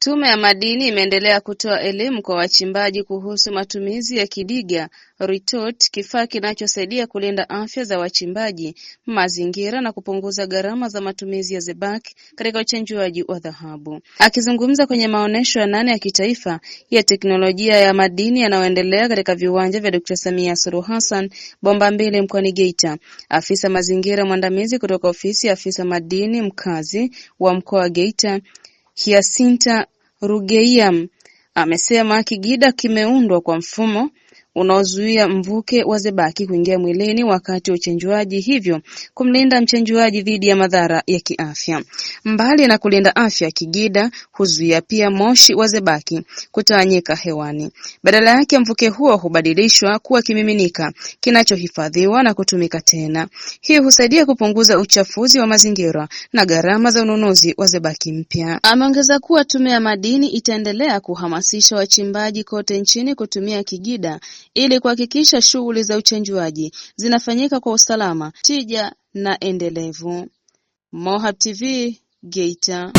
Tume ya Madini imeendelea kutoa elimu kwa wachimbaji kuhusu matumizi ya Kidiga Retort kifaa kinachosaidia kulinda afya za wachimbaji mazingira na kupunguza gharama za matumizi ya zebak katika uchenjuaji wa dhahabu. Akizungumza kwenye maonyesho ya nane ya kitaifa ya teknolojia ya madini yanayoendelea katika viwanja vya Dkt. Samia Suluhu Hassan Bomba Mbili mkoani Geita, afisa mazingira mwandamizi kutoka ofisi ya afisa madini mkazi wa mkoa wa Geita Hyasinta Rugeyam amesema kigida kimeundwa kwa mfumo unaozuia mvuke wa zebaki kuingia mwilini wakati wa uchenjuaji hivyo kumlinda mchenjuaji dhidi ya madhara ya kiafya. Mbali na kulinda afya, kigida huzuia pia moshi wa zebaki kutawanyika hewani. Badala yake, mvuke huo hubadilishwa kuwa kimiminika kinachohifadhiwa na kutumika tena. Hii husaidia kupunguza uchafuzi wa mazingira na gharama za ununuzi wa zebaki mpya. Ameongeza kuwa tume ya madini itaendelea kuhamasisha wachimbaji kote nchini kutumia kigida ili kuhakikisha shughuli za uchenjuaji zinafanyika kwa usalama, tija na endelevu Mohab Tv Geita